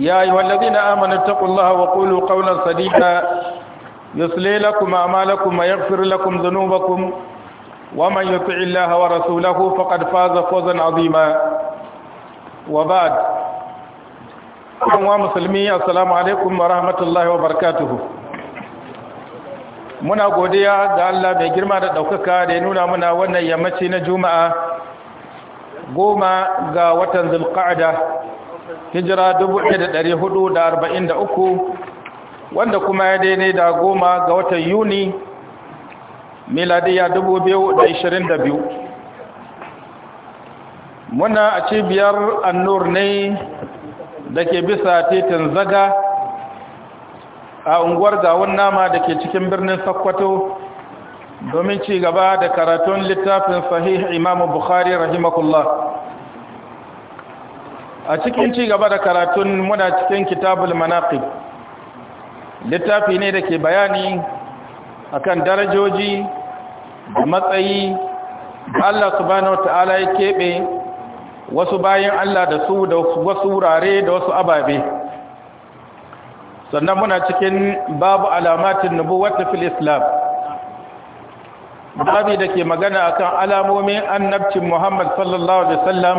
يا أيها الذين آمنوا اتقوا الله وقولوا قولا سديدا يصلي لكم أعمالكم ويغفر لكم ذنوبكم ومن يطع الله ورسوله فقد فاز فوزا عظيما وبعد أيها مسلمي السلام عليكم ورحمة الله وبركاته muna godiya ga Allah mai girma da ɗaukaka da ya nuna muna wannan yammaci na juma'a goma ga watan zulqa'ada hijira 1443 wanda kuma ya daidai da goma ga watan yuni miladiya 2022 muna a cibiyar annur ne da ke bisa titin zaga a unguwar gawon nama da ke cikin birnin sakkwato domin ci gaba da karatun littafin sahih imamu bukhari rahimahullah a cikin ci gaba da karatun muna cikin kitabul manaqib littafi ne da ke bayani akan darajoji da matsayi Allah subhanahu wataala ya keɓe wasu bayan Allah da su da wasu wurare da wasu ababe sannan muna cikin babu alamatin nubuwata fil islam Babu da ke magana akan alamomin annabcin Muhammad sallallahu alaihi wasallam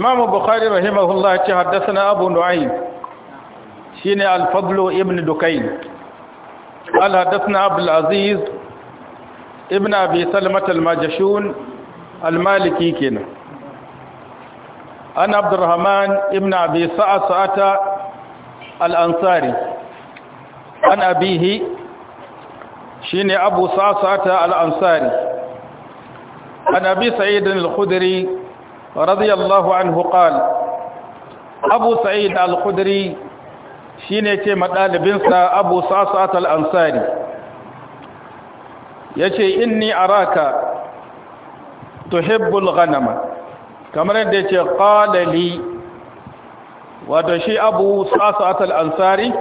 imamu bukhari rahimahullah ce haddasa abu nu'ayn shine al ibn dukayn qala haddasa abu ibn abi al-majashun al-maliki kenan ana abdurrahman ibn abi sa'sa'ata al-ansari an abihi shine abu sa'sa'ata al-ansari an abi sa'id رضي الله عنه قال أبو سعيد الخدري شينيتي مدال بنسى أبو صعصعة الأنصاري يشي إني أراك تحب الغنم كما رديتي قال لي ودشي أبو صعصعة الأنصاري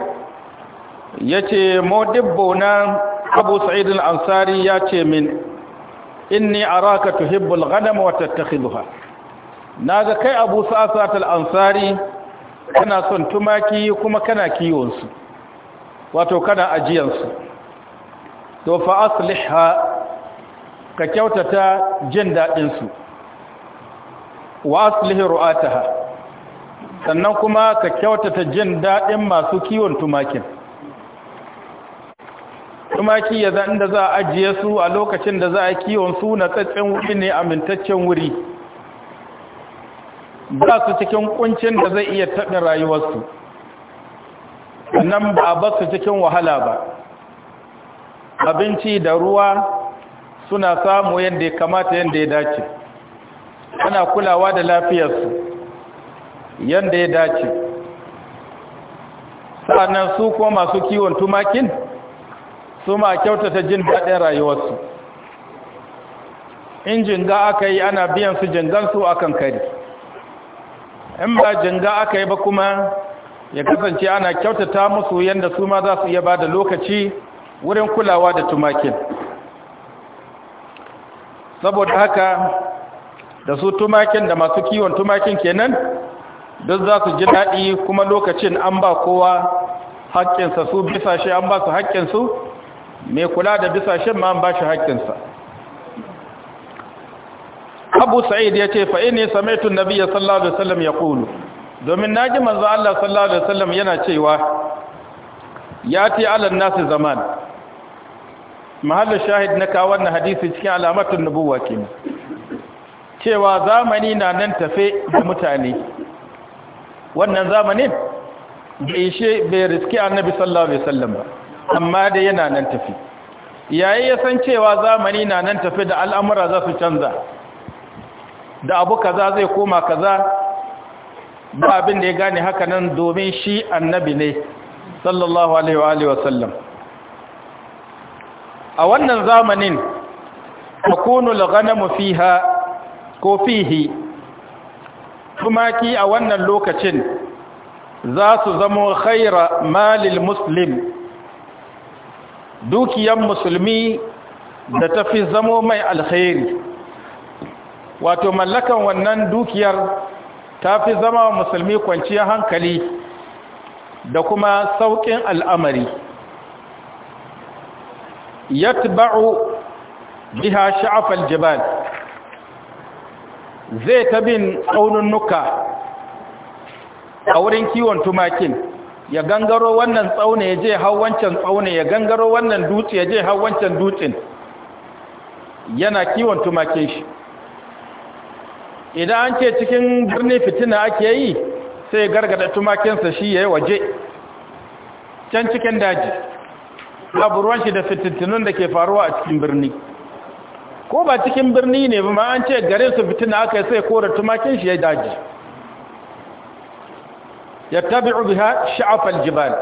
يشي مودبونا أبو سعيد الأنصاري يشي من inni araka tuhibbul ghanama wa tattakhidhuha na ga kai abu sa'asatul ansari kana son tumaki kuma kana kiyonsu wato kana ajiyansu to fa aslihha ka kyautata jin daɗinsu wa aslihi ru'ataha sannan kuma ka kyautata jin daɗin masu kiwon tumakin tumaki ya da za a ajiye su a lokacin da za a kiwon su na tsatsen wuri ne amintaccen wuri ba su cikin kuncin da zai iya taɓa rayuwarsu nan ba a basu cikin wahala ba abinci da ruwa suna samu yadda ya kamata yadda ya dace ana kulawa da lafiyarsu yadda ya dace sa'annan su ko masu kiwon tumakin su ma kyautata jin daɗin rayuwarsu Injin ga aka yi ana biyan su jingansu akan kari in ba janga aka yi ba kuma ya kasance ana kyautata musu yadda su ma za su iya ba da lokaci wurin kulawa da tumakin saboda haka da su tumakin da masu kiwon tumakin kenan duk za su ji daɗi kuma lokacin an ba kowa haƙƙinsa su bisashe an ba su haƙƙinsu mai kula da bisashen ma an ba shi haƙƙinsa abu sa'id ya ce fa'ini samaitun samaitu nabiyya sallallahu alaihi wasallam yaqulu domin na ji manzo Allah sallallahu alaihi wasallam yana cewa ya yati ala nasu zaman mahallu shahid na kawo wannan hadisi cikin alamatun nubuwa kenan cewa zamani na nan tafe da mutane wannan zamanin bai she bai riski annabi sallallahu alaihi wasallam ba amma dai yana nan tafe. yayi ya san cewa zamani na nan tafe da al'amura za su canza da abu kaza zai koma kaza ba abin da ya gane haka nan domin shi annabi ne sallallahu alaihi wa sallam a wannan zamanin takunu al fiha ko fihi tumaki a wannan lokacin za su zamo khaira malil muslim dukiyan musulmi da tafi zamo mai alkhairi wato mallakan wannan dukiyar ta fi zama musulmi kwanciyar hankali da kuma sauƙin al'amari yatba'u biha sha'afal jibal zai ta bin nuka a wurin kiwon tumakin ya gangaro wannan tsaune ya je hau wancan tsaune ya gangaro wannan dutse ya je hau wancan dutsen yana kiwon tumakin shi idan an ce cikin birni fitina ake yi sai gargada tumakinsa shi ya yi waje can cikin daji babu shi da fitintunun da ke faruwa a cikin birni ko ba cikin birni ne ba ma an ce gare su fitina aka yi sai kora tumakin shi ya yi daji ya tabi'u biha sha'afal jibal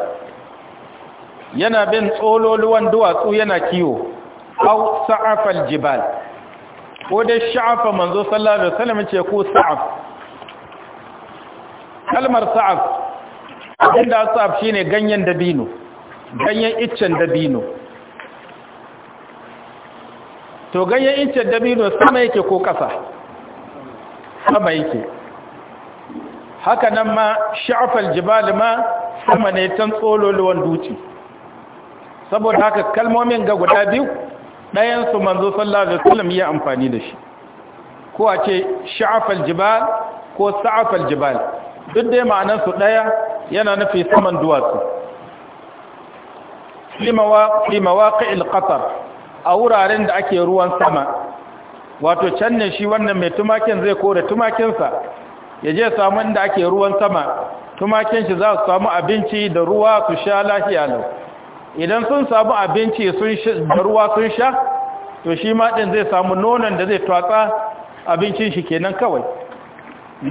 yana bin tsololuwan duwatsu yana kiwo au sa'afal jibal ko dai sha'afa manzo sallallahu alaihi wasallam ce ko sa'af kalmar sa'af inda sa'af shine ganyen dabino ganyen iccen dabino to ganyen iccen dabino sama yake ko kasa sama yake haka nan ma sha'afal jibal ma sama ne tan tsololuwan duci saboda haka kalmomin ga guda biyu ɗayan su manzo sallallahu alaihi wasallam ya amfani da shi ko a ce sha'afal jibal ko sa'afal jibal duk dai ma'anar su ɗaya yana nufi saman duwatsu fi mawaqi'il qatar a wuraren da ake ruwan sama wato can ne shi wannan mai tumakin zai kore tumakinsa ya je samu inda ake ruwan sama tumakin shi za su samu abinci da ruwa su sha lafiya lau idan sun samu abinci sun da ruwa sun sha to shi ma din zai samu nonon da zai twatsa abincin shi kenan kawai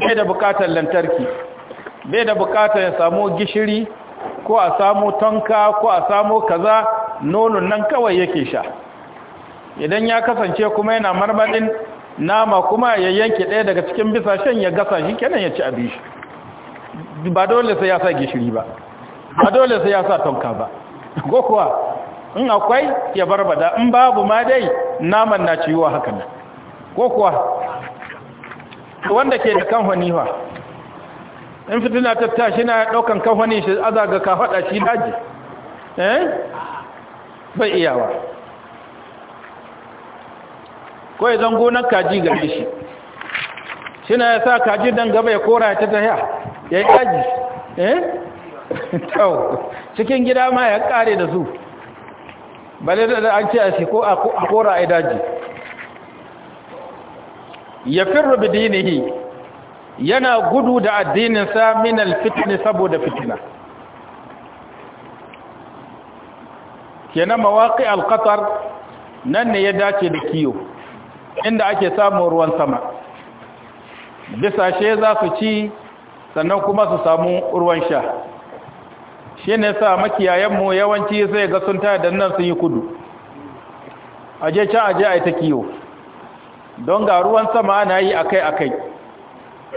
bai da bukatar lantarki bai da bukatar ya samu gishiri ko a samu tonka ko a samu kaza nonon nan kawai yake sha idan ya kasance kuma yana marmadin nama kuma ya yanke ɗaya daga cikin bisa shan ya gasa shi kenan ya ci abin shi ba dole sai ya sa gishiri ba ba dole sai ya sa tonka ba ko kuwa in akwai ya barbada in babu ma dai naman na ciwo haka nan ko kuwa wanda ke da kamfani wa in fitina ta tashi na daukan kamfani shi azaga ka fada shi daji eh bai iyawa ko ya zango kaji ga shi shi na ya sa kaji don gaba ya kora ta ta ya yi daji eh cikin gida ma ya kare da su bane da an ce a shi ko a kora a daji ya firru dini yana gudu da addininsa min alfitni saboda fitina kenan mawaki alkatar nan ne ya dace da kiyo inda ake samun ruwan sama bisashe za su ci sannan kuma su samu ruwan sha shi ne sa makiyayenmu yawanci sai ga sun taya da nan sun yi kudu aje can aje a yi ta kiyo don ga ruwan sama na yi akai-akai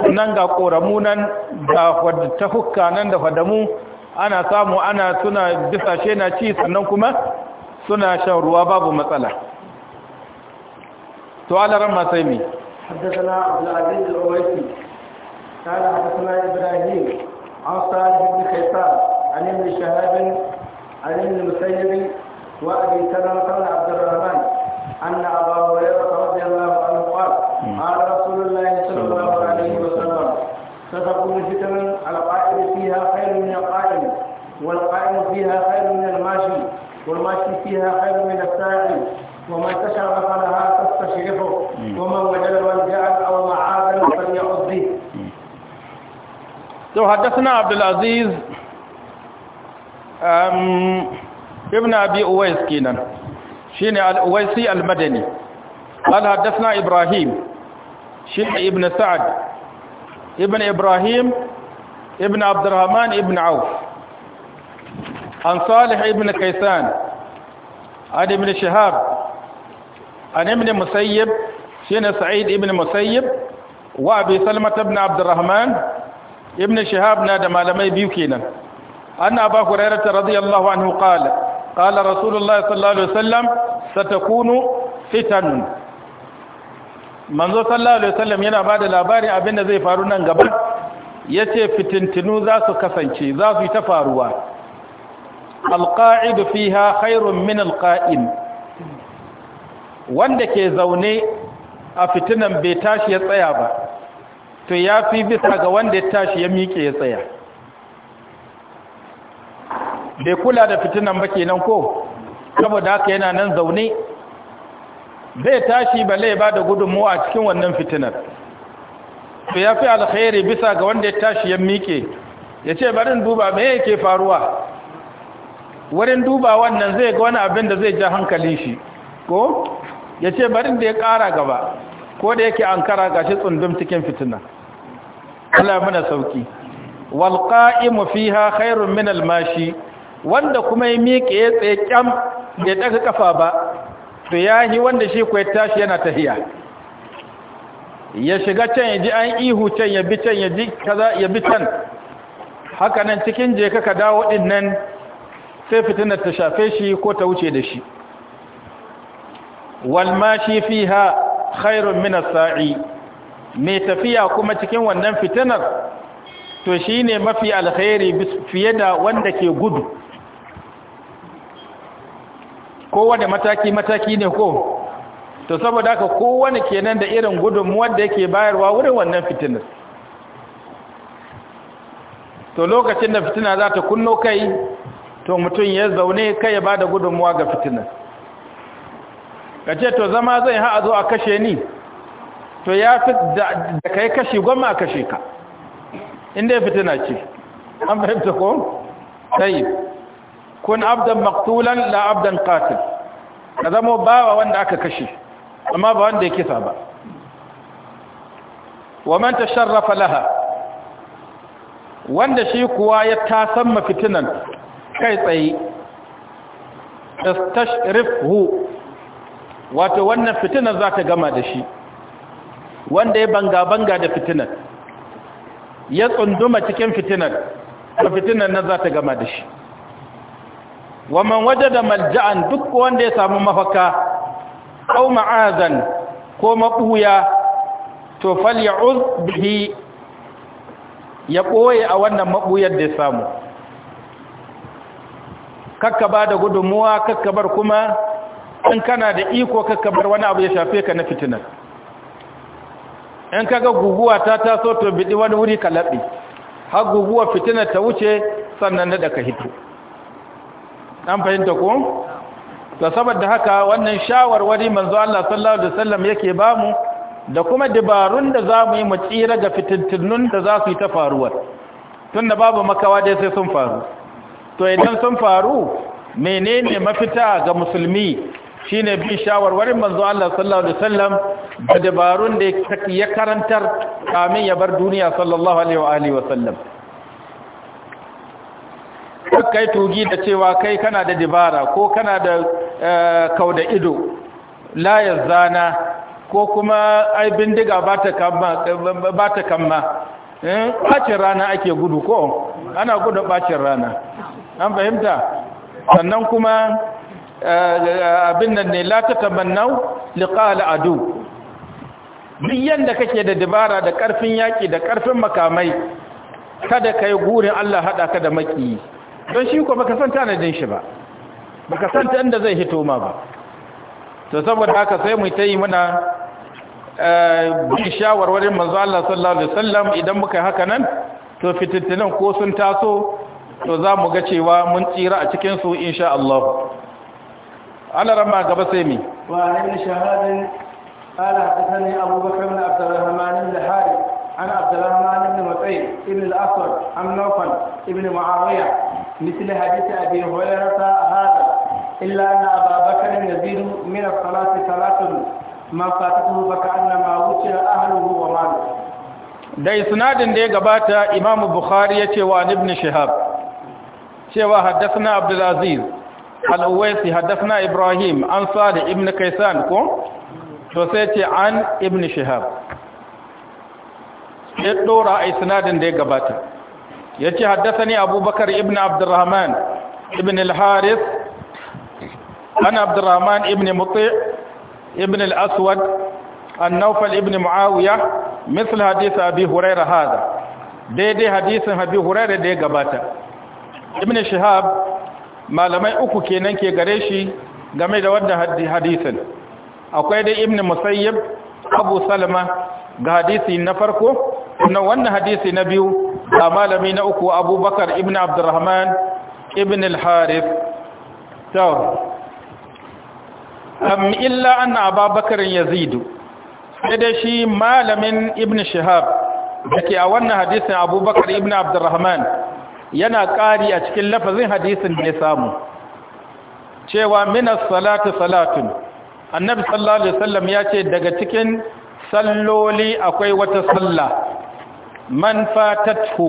nan ga ƙoramu nan da ta hukka nan da fadamu ana samu ana suna bisashe na ci sannan kuma suna shan ruwa babu matsala to alaran masai mai حدثنا عبد العزيز الأويسي قال حدثنا إبراهيم عن صالح بن خيسان عن ابن شهاب عن ابن المسيب وابي سلمه بن عبد الرحمن ان ابا هريره رضي الله عنه قال قال رسول الله صلى الله عليه وسلم ستكون فتن القائم فيها خير من القائم والقائم فيها خير من الماشي والماشي فيها خير من الساعي وما تشرف لها تستشرفه ومن وجد ملجا او معادا فليعذ به. حدثنا عبد العزيز ibn abi uwais kenan shine al-uwaisi al-madani قال حدثنا إبراهيم شيخ ابن سعد ابن إبراهيم ابن عبد الرحمن ابن عوف عن صالح ابن كيسان عن ابن شهاب عن ابن مسيب شين سعيد ابن مسيب وأبي سلمة ابن عبد الرحمن ابن شهاب نادى مالمي بيوكينا Ana أبا هريرة رضي الله عنه قال قال رسول الله صلى الله عليه وسلم ستكون manzo sallallahu alaihi wasallam yana bada labarin abin da zai faru nan gaba Ya ce fitintinu za su kasance za su yi ta faruwa alqa'idu fiha khairun min alqa'im wanda ke zaune a fitinan bai tashi ya tsaya ba to ya fi bisa ga wanda ya tashi ya miƙe ya tsaya bai kula da fitinan ba kenan ko saboda haka yana nan zaune Bai tashi balle ya da gudunmuwa a cikin wannan fitinan to ya fi alkhairi bisa ga wanda ya tashi ya miƙe ya ce barin duba me yake faruwa wurin duba wannan zai ga wani abin da zai ja hankalin shi ko ya ce barin da ya ƙara gaba ko da yake an kara gashi tsundum cikin fitina Allah mana sauki wal qa'imu fiha khairun min wanda kuma ya miƙe ya tsaye kyam bai ɗaga ƙafa ba to ya yi wanda shi kuwa tashi yana tahiya ya shiga can ya ji an ihu can ya bi can ya ji kaza ya bi can haka nan cikin je ka dawo din nan sai fitinar ta shafe shi ko ta wuce da shi shi fi fiha khairun min sai mai tafiya kuma cikin wannan fitinar to shi ne mafi alkhairi fiye da wanda ke gudu kowane mataki-mataki ne ko to saboda haka kowane kenan da irin gudunmuwar da yake bayarwa wurin wannan fitinar to lokacin da fitina za ta kunno kai to mutum ya zaune kai ya bada da gudunmuwa ga fitinar ka ce to zama zai ha'a zo a kashe ni to ya fi da kai kashe goma a kashe ka inda ya fitina ce an fahimta ko? tayi kun abdan maktulan la abdan katil ka zamo bawa wanda aka kashe amma ba wanda ya kisa ba wa man tasharrafa laha wanda shi kuwa ya tasan fitinan kai tsaye istashrifhu wato wannan fitinan za ta gama da shi wanda ya banga-banga da fitinan ya tsunduma cikin fitinan ba fitinan nan za ta gama da shi wa man wajada malja'an duk wanda ya samu mafaka aw ma'azan ko mabuya to faly'uz bihi ya ɓoye a wannan mabuyar da ya samu kakka ba da gudunmuwa kakka bar kuma in kana da iko kakka bar wani abu ya shafe ka na fitinar in kaga guguwa ta taso to bidi wani wuri ka laɓe har guguwa fitinar ta wuce sannan da ka hito an fahimta ko to saboda haka wannan shawarwari manzo Allah sallallahu alaihi wasallam yake bamu da kuma dabarun da zamu yi mu tsira ga fitintunun da za su yi ta faruwa tunda babu makawa dai sai sun faru to idan sun faru menene mafita ga musulmi shine bin shawarwarin manzo Allah sallallahu alaihi wasallam da dabarun da ya karantar kamin ya bar duniya sallallahu alaihi wa alihi wasallam kai tugi da cewa kai kana da dibara ko kana da eh, kau da ido layar zana ko kuma ai bindiga ba ta kamma ɓacin eh, rana ake gudu ko ana gudu ɓacin rana an fahimta sannan kuma eh, abin nan ne la ta tamannau liƙa adu duk yadda kake da dibara da ƙarfin yaƙi da ƙarfin makamai kada kai gurin Allah haɗa ka da maƙiyi don shi ko baka san tanadin shi ba baka san ta inda zai hito ma ba to saboda haka sai mu tayi muna eh, bin shawarwarin manzo Allah sallallahu alaihi wasallam idan muka haka nan to fitintunan ko sun taso to za mu ga cewa mun tsira a cikin su insha Allah ana rama gaba sai mi wa alim shahadin ala hadathani abubakar bin abdurrahman bin harith an abdurrahman bin mutayyib ibn al-aswad an ibn muawiya مثل حديث أبي هريرة هذا إلا أن أبا بكر يزيد من الصلاة صلاة ما فاتته فكأنما وكل أهله وماله da isnadin da ya gabata imamu bukhari ya ce wa ibn shihab cewa haddathna abdulaziz al-uwaisi haddathna ibrahim an salih ibn kaysan ko to sai ce an ibn shihab ya dora ai isnadin da ya gabata yace haddathani abubakar ibn abdurrahman ibn al-harith ana abdurrahman ibn muti ibn al-aswad an-nawfal ibn muawiya مثل حديث أبي هريرة هذا دي دي حديث أبي da ya gabata. Ibn شهاب malamai uku kenan ke كي قريشي game da wannan hadisin akwai dai ibn musayyib abu salama ga hadisi na farko na wannan hadisi na biyu A malami na uku abubakar ibn abdurrahman ibn al-harith Tau. am illa anna abubakar yazidu sai dai shi malamin ibn shihab dake a wannan hadisin abubakar ibn abdurrahman yana ƙari a cikin lafazin hadisin da ya samu cewa minas salatu salatun annabi sallallahu alaihi wasallam ya ce daga cikin salloli akwai wata sallah man fatathu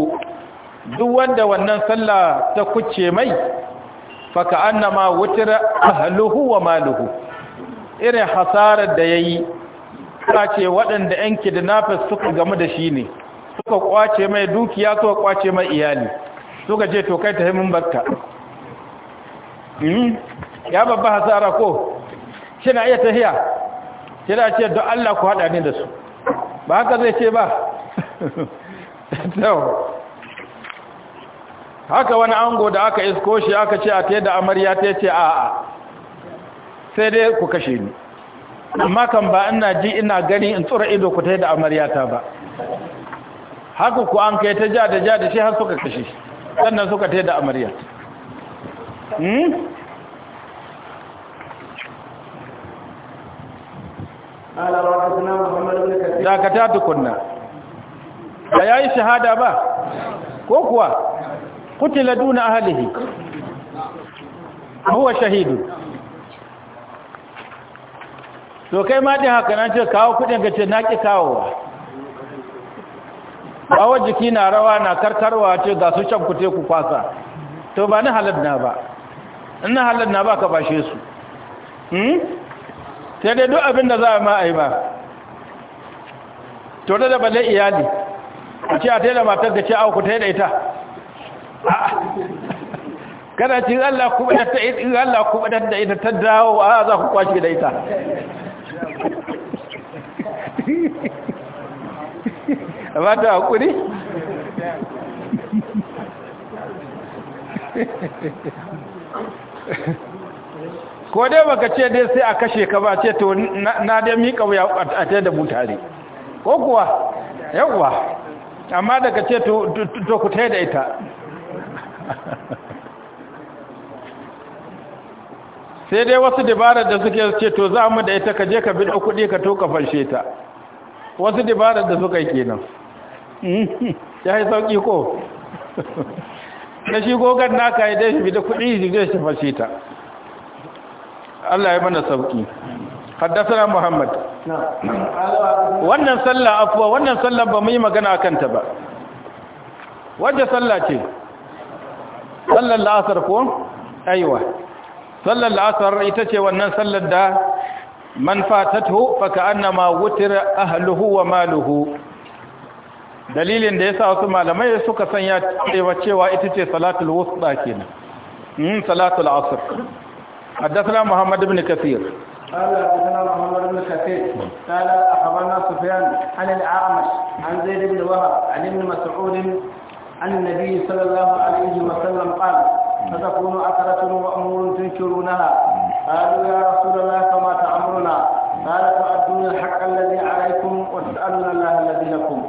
duk wanda wannan sallah ta kuce mai faka annama wutira ahluhu wa maluhu irin hasarar da yayi ce waɗanda ɗan kidnapper suka gamu da shi ne suka kwace mai dukiya suka kwace mai iyali suka je to kai ta himin barka hmm? ya babba hasara ko kina iya tahiya kina ce don Allah ku hada ni da su ba haka zai ce ba haka wani ango da aka isko shi aka ce a da amarya ta ce a'a sai dai ku kashe ni amma kan ba ina ji ina gani in tsura ido ku taida amarya ta ba haka ku an kai ta ja da ja da shi har suka kashe shi sannan suka taida amarya hmm? dakata tukunna ba ya yi shahada ba ko kuwa kutila duna ahalihi huwa shahidu to kai ma din haka nan ce kawo kudin ga ce naki kawowa bawa jiki na rawa na karkarwa ce ga su can kute ku kwasa to ba ni halar na ba ina halar na ba ka bashe su hmm? sai dai duk abin da za a ma a yi ba to da da balle iyali a ce a ta matar da ce a ku ta ita kana ce Allah kuma da ta in Allah kuma da da ita ta dawo a za ku kwashe da ita ba ta hakuri ko dai baka ce dai sai a kashe ka ba ce to na dai mika wuya a tare da mutane ko kuwa yawwa amma daga ce to ku ta da ita sai dai wasu dabarar da suke ce to za mu da ita ka je ka bida kuɗi ka to ka falshe ta wasu dabarar da suka yi kenan ya yi sauƙi ko na shi gogon naka ya dai shi bida kudi kuɗi shi zai shi falshe ta Allah ya mana sauƙi haddasa muhammad wannan sallah afuwa wannan sallah ba mu yi magana a kanta ba wadda sallah ce sallar la'asar ko aiwa sallar la'asar ita ce wannan sallar da man fatathu faka annama wutira ahluhu wa maluhu dalilin da yasa wasu malamai suka sanya cewa cewa ita ce salatul wusta kenan mm salatul asr haddathana muhammad ibn kathir قال حدثنا محمد بن كثير قال اخبرنا سفيان عن الاعمش عن زيد بن وهب عن ابن مسعود عن النبي صلى الله عليه وسلم قال ستكون أثرة وأمور تنكرونها قالوا يا رسول الله فما تأمرنا قال تؤدون الحق الذي عليكم وتسألون الله الذي لكم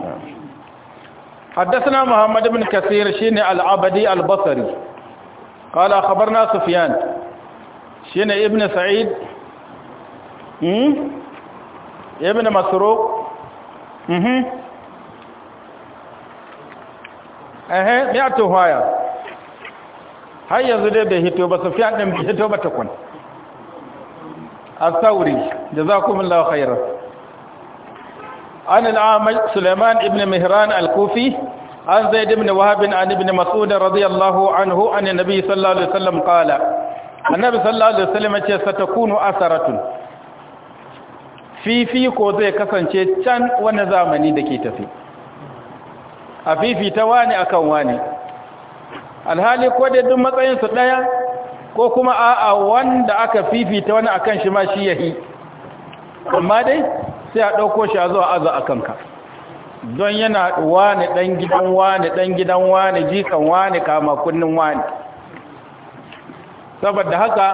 حدثنا محمد بن كثير شين العبدي البصري قال أخبرنا سفيان شين ابن سعيد Hmm? ibn masruq mhm eh me ato haya har yanzu dai bai hito ba sufyan din bai hito ba takun as-sauri jazakumullahu khairan an al-amil sulaiman ibn mihran al-kufi عن زيد بن وهب عن ابن مسعود رضي الله عنه عن النبي صلى الله عليه وسلم قال النبي صلى الله عليه وسلم ستكون fifiko zai kasance can wani zamani da ke tafi a fifita wani akan wani alhali ko dai duk matsayinsu ɗaya ko kuma a'a wanda aka fifita wani akan shi ma shi yahi amma dai sai a ɗauko shi a zuwa aza a kanka don yana wani ɗan gidan wani ɗan gidan wani jikan wani kama kunnin wani saboda haka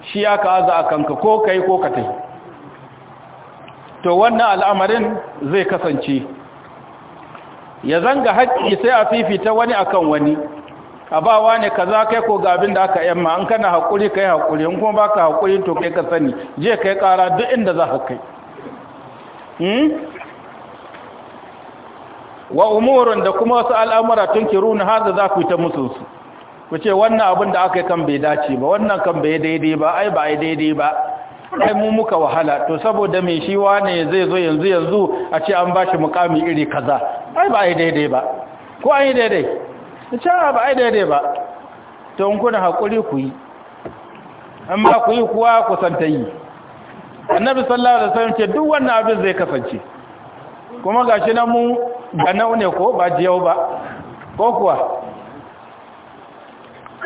shi aka aza a kanka ko kai ko ka tafi to wannan al'amarin zai kasance ya zanga haƙƙi sai a fifita wani akan wani a ba wani kaza kai ko ga abin da aka yamma an kana haƙuri ka yi haƙuri in kuma baka haƙuri to kai ka sani je kai ƙara duk inda za ka kai hmm? wa umurun da kuma wasu al'amura tun har da za ku yi ta su. ku ce wannan abin da aka yi kan bai dace ba wannan kan bai daidai ba ai ba ai daidai ba ai mu muka wahala to saboda me shi wane zai zo yanzu yanzu a ce an bashi mukami iri kaza ai ba ai daidai ba ko ai daidai ce ba ai daidai ba to in kuna hakuri ku yi amma ku yi kuwa ku santayi annabi sallallahu alaihi wasallam ce duk wannan abin zai kasance kuma gashi na mu ganau ne ko ba jiyau ba ko kuwa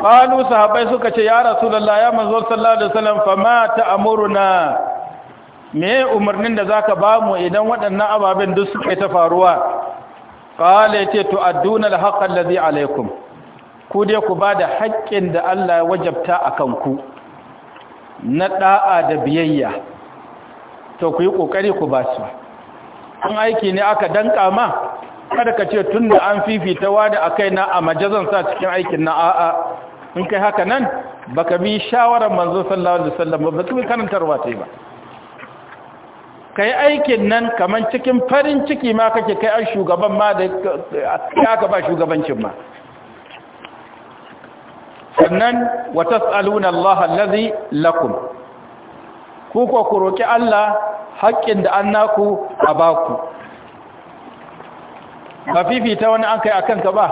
kalu sahabbai suka ce ya rasulullah ya manzo sallallahu alaihi wasallam fa ma ta'muruna me umarnin da zaka ba mu idan waɗannan ababen duk suka ta faruwa qala yace tu'adduna al-haqqa alladhi alaikum ku dai ku ba da haƙƙin da Allah ya wajabta a ku. na ɗa'a da biyayya to ku yi ƙoƙari ku ba su an aiki ne aka danka ma kada ka ce tunda an fifita wani a kai na a majazan sa cikin aikin na a'a in kai haka nan baka bi shawarar manzo sallallahu alaihi wasallam ba kuma bi karantarwa sai ba kai aikin nan kaman cikin farin ciki ma kake kai an shugaban ma da ya ka ba shugabancin ma sannan wa tas'aluna Allah allazi lakum ku ko ku roki Allah haƙƙin da an naku a baku ba fifita wani an kai akan ka ba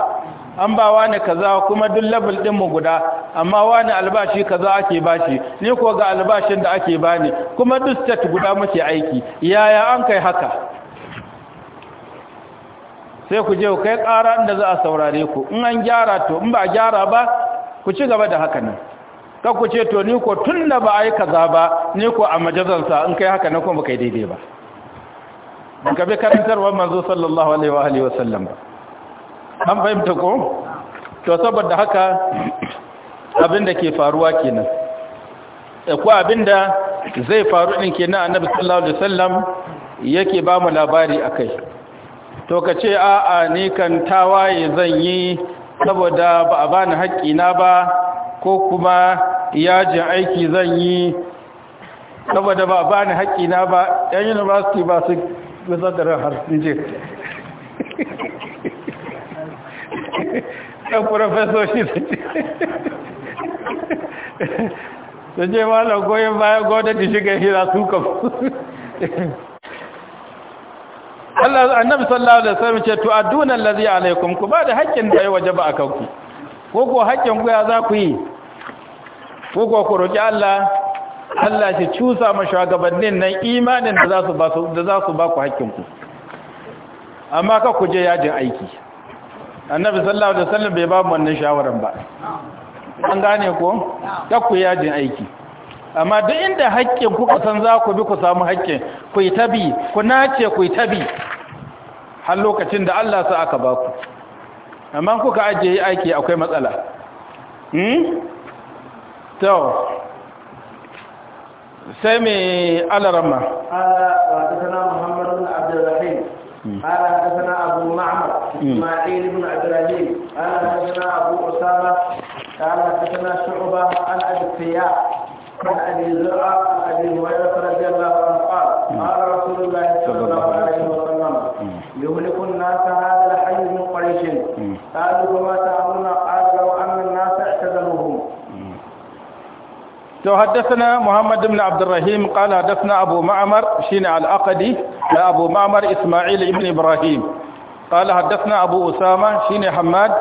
an ba wani kaza kuma duk level din mu guda amma wani albashi kaza ake bashi ni ko ga albashin da ake bani kuma duk state guda muke aiki yaya an kai haka sai ku je ku kai ƙara inda za a saurare ku in an gyara to in ba gyara ba ku ci gaba da haka nan kan ku ce to ni ko tun da ba a yi kaza ba ni ko a majazansa in kai haka nan kuma ba kai daidai ba ban bi karantarwar manzo sallallahu alaihi wa sallam ba an fahimta ko to saboda haka abin da ke faruwa kenan ko abin da zai faru din kenan annabi sallallahu alaihi wasallam yake ba mu labari akai to ka ce a'a ni kan tawaye zan yi saboda ba a bani na ba ko kuma yajin aiki zan yi saboda ba a bani na ba yan university ba su gudanar har sun je ɗan profesoshi su ce malam goyon bayan gwamnati shiga hira su kam Allah annabi sallallahu alaihi wasallam ce to aduna allazi alaikum ku ba da haƙƙin da ya wajaba a kanku ko ko haƙƙin ku ya za ku yi ko ko ku roki Allah Allah shi cusa ma shugabannin nan imanin da za su ba su da za su ba ku haƙƙin ku amma ka ku je yajin aiki annabi sallallahu alaihi wasallam bai ba mu wannan shawaran ba an gane ko ku yajin aiki amma duk inda haƙƙin kuka san za ku bi ku samu haƙƙin ku yi tabi ku nace ku yi tabi har lokacin da Allah sa aka ba ku amma kuka ajiye aiki akwai matsala hmm to sai mai alarama a wata sana muhammadu abdulrahim قال hmm. إسماعيل بن عبد العزيز قال حدثنا أبو أسامة قال حدثنا شعبة عن أبي السياح عن أبي زرعة عن أبي هريرة رضي الله عنه قال قال رسول الله صلى الله عليه وسلم يهلك الناس هذا الحي من قريش قالوا وما تأمرنا قال لو أن الناس اعتزلوهم تو حدثنا محمد بن عبد الرحيم قال حدثنا أبو معمر شين العقدي أبو معمر إسماعيل بن إبراهيم قال حدثنا أبو أسامة شين حماد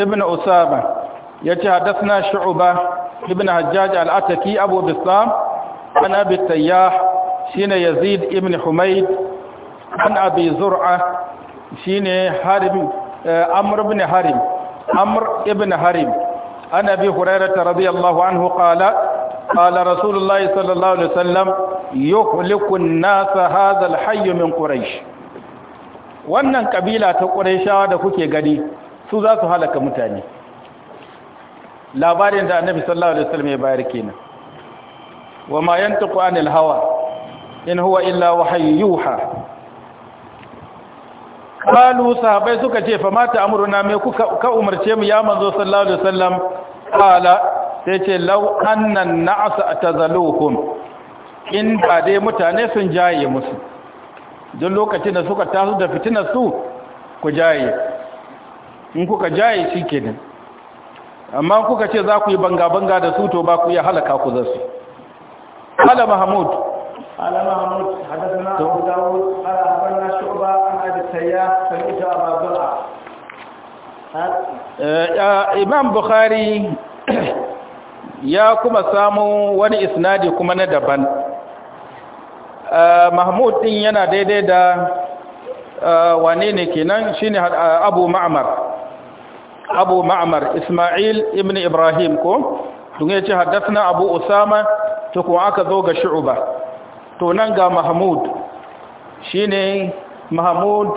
ابن أسامة يتي حدثنا شعبة ابن حجاج العتكي أبو بسلام عن أبي التياح شين يزيد ابن حميد عن أبي زرعة شين حارم أمر بن حارم أمر ابن حارم عن أبي هريرة رضي الله عنه قال قال رسول الله صلى الله عليه وسلم يهلك الناس هذا الحي من قريش wannan kabila ta shawa da kuke gani su za su halaka mutane labarin da annabi sallallahu alaihi wasallam ya bayar kenan wa ma yantaqu anil hawa in huwa illa wahyu yuha qalu sahabbai suka ce fa mata amruna me kuka ka umarce mu ya manzo sallallahu alaihi wasallam qala sai ce law anna an-na'sa atazaluhum in ba dai mutane sun jaye musu don lokacin da suka taso da fitinar su ku jaye in kuka jaye shi kenan amma kuka ce za ku yi banga-banga da su to ba ku iya halaka ku zasu Mahamud mahmud ala mahmud hadathana abu dawud ala abanna shu'ba an abi tayyah sami'tu abu dur'a eh, imam bukhari ya kuma samu wani isnadi kuma na daban Eh, mahmud din yana daidai da eh, wane ne kenan shine eh, abu ma'mar abu ma'mar isma'il ibn ibrahim ko tun ya ce haddasa abu usama to ko aka zo ga shu'ba to nan ga mahmud shine mahmud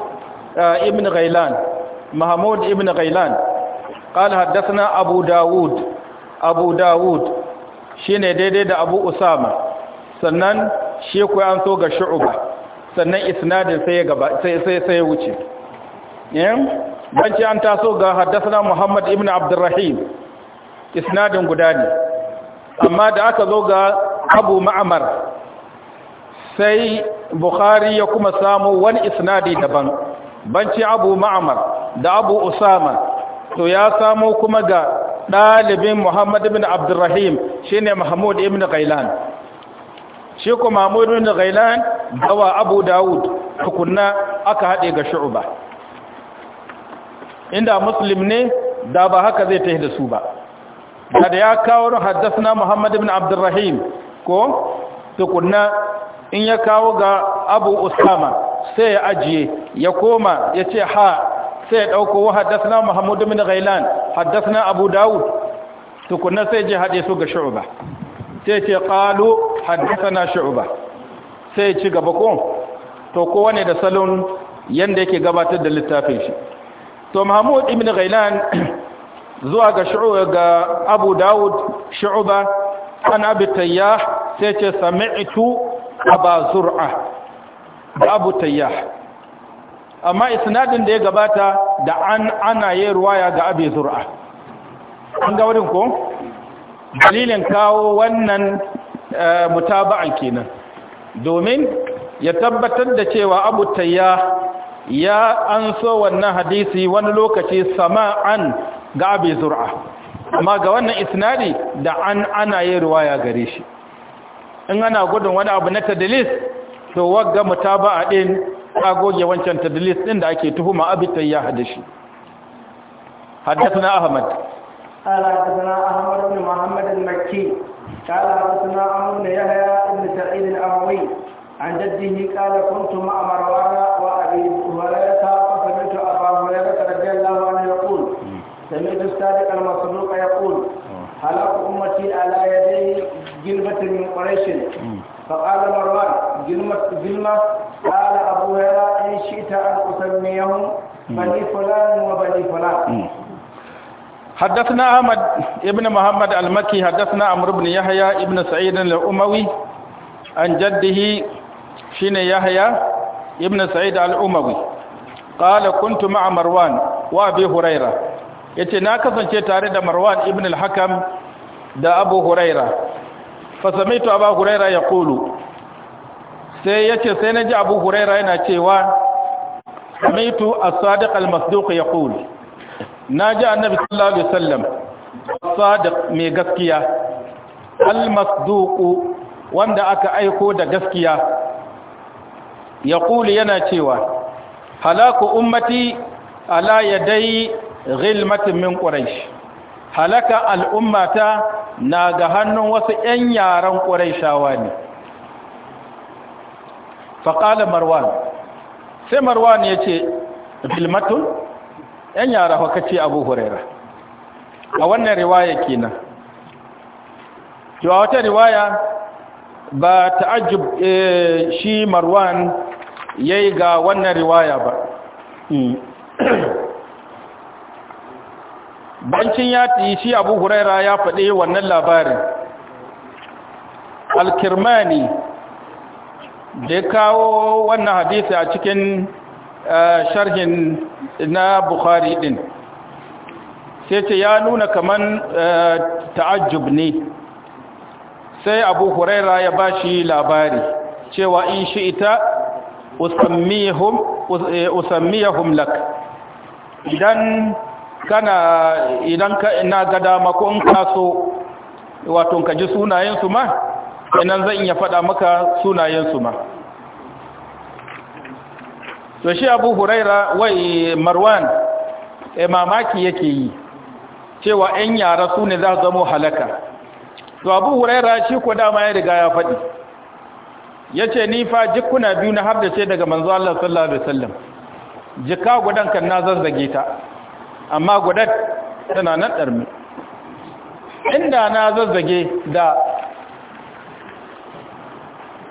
ibn ghailan mahmud ibn ghailan قال حدثنا ابو داوود ابو داوود شنو ديدي دا أبو أسامة سنن shi ku an so ga shu'uba sannan isnadin sai sai sai wuce yan banci an taso ga haddathana Muhammad ibn Abdurrahim isnadin guda ne amma da aka zo ga Abu Ma'mar sai Bukhari ya kuma samu wani isnadi daban banci Abu Ma'mar da Abu Usama to ya samu kuma ga ɗalibin Muhammad ibn Abdurrahim shine Mahmud ibnu qailan shi ko mahmud bin gailan dawa abu dawud tukunna aka hade ga shu'ba inda muslim ne da ba haka zai ta da su ba da ya kawo haddathna muhammad ibn abdurrahim ko tukunna in ya kawo ga abu usama sai ya ajiye ya koma ya ce ha sai ya ɗauko wa haddasa muhammad ibn gailan haddasa abu dawud tukunna sai je haɗe su ga shu'ba sai ce ƙalo haddasana shu'ba sai ci gaba ko to kowane da salon yanda yake gabatar da littafin shi to mahmud ibn ghailan zuwa ga shu'ba ga abu daud shu'ba an abi tayyah sai ce sami'tu aba zur'a da abu tayyah amma isnadin da ya gabata da an ana yi ruwaya ga abi zur'a an ga wurin ko dalilin kawo wannan Eh, mutaba'a kenan domin ya tabbatar da cewa abu tayya ya an so wannan hadisi wani lokaci sama'an ga abi zur'a amma ga wannan isnadi da an ana yi riwaya gare shi in ana gudun wani abu na tadlis to wagga mutaba'a din ka goge wancan tadlis din da ake tuhuma abi tayya hadashi حدثنا Ahmad. قال حدثنا احمد بن محمد المكي قال حدثنا عمرو بن يحيى بن سعيد الاموي عن جده قال كنت مع مروان وابي هريره فسمعت ابا هريره رضي الله عنه يقول سمعت الصادق المصدوق يقول هلك امتي على يدي جلبه من قريش فقال مروان جلمه جلمه قال ابو هريره ان شئت ان اسميهم بني فلان وبني فلان حدثنا أحمد ابن محمد المكي حدثنا عمرو بن يحيى ابن سعيد الأموي عن جده شين يحيى ابن سعيد الأموي قال كنت مع مروان وأبي هريرة yace na kasance tare da Marwan ibn al-Hakam da Abu Huraira fa samaitu Abu Huraira kulu sai yace sai naji Abu Huraira yana cewa samaitu as-Sadiq al-Masduq na ji annabi sallallahu alaihi wasallam sadiq mai gaskiya al-masduqu wanda aka aiko da gaskiya ya kuli yana cewa halaku ummati ala yadai ghilmatin min quraish halaka al'ummata na ga hannun wasu 'yan yaran quraishawa ne qala marwan sai marwan yace ce yan yara haka ce abu huraira a wannan riwaya kenan to a wata riwaya ba ta'ajjub eh, shi marwan ya yi ga wannan riwaya ba hmm. bancin ya shi abu huraira ya faɗi wannan labarin alkirmani da ya kawo wannan hadisi a cikin sharhin na bukhari din sai ce ya nuna kaman ta'ajjub ne sai abu huraira ya shi labari cewa in shi ita usammiyahum lak idan kana idan ka ina ga dama ko in kaso wato ka ji sunayensu ma idan zan iya faɗa maka sunayensu ma to shi abu huraira wai marwan e mamaki yake yi cewa 'yan yara su ne za su zamo halaka to abu huraira shi ko dama ya riga ya faɗi ya ce ni fa jikuna biyu na ce daga manzo Allah sallallahu alaihi wasallam jika gudan kan na zazzage ta amma gudan tana nan ɗarmi inda na zazzage da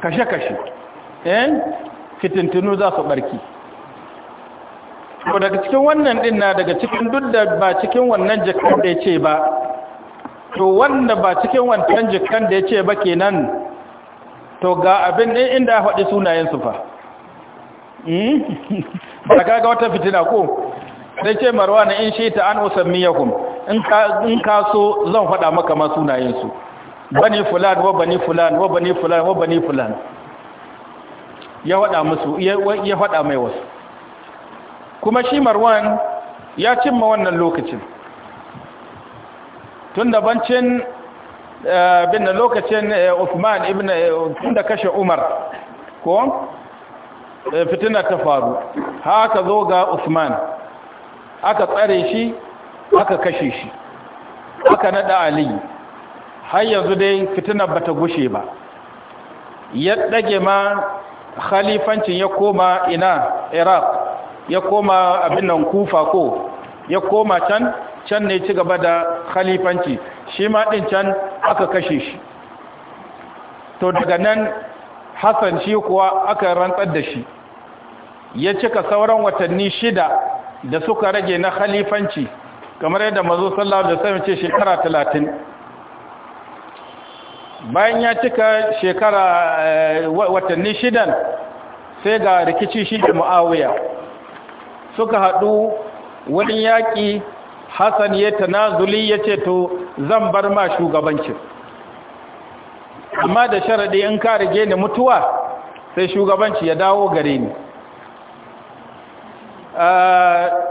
kashe-kashe eh fitintunu za su ɓarki to daga cikin wannan din na daga cikin duk da ba cikin wannan jikan da ya ce ba to wanda ba cikin wannan jikan da ya ce ba kenan to ga abin din inda faɗi sunayen su fa hmm? ba ka ga wata fitina ko sai ce marwa na in shi ta an usammiyakum in ka so zan faɗa maka ma sunayen su bani fulan wa bani fulan wa bani fulan wa bani fulan ya faɗa musu ya faɗa mai wasu kuma shi marwan ya cimma wannan lokacin tun eh, da bancin bin lokacin eh, Uthman ibn eh, tun da kashe Umar ko fitina ta faru haka zo ga Uthman aka tsare shi aka kashe shi aka nada Ali har yanzu dai fitinar bata gushe ba ya dage ma khalifancin ya koma ina Iraq ya koma abin nan kufa ko ya koma can can ne ci gaba da khalifanci shi ma din can aka kashe shi to daga nan hassan shi kuwa aka rantsar da shi ya cika sauran watanni shida da suka rage na khalifanci kamar yadda mazo sallallahu alaihi wasallam ce shekara 30 bayan ya cika shekara eh, watanni shidan sai ga rikici shi da muawiya suka haɗu wani yaƙi hassan ya tanazuli ya ce to zan bar ma shugabancin amma da sharaɗi in ka rige ni mutuwa sai shugabanci ya dawo gare ni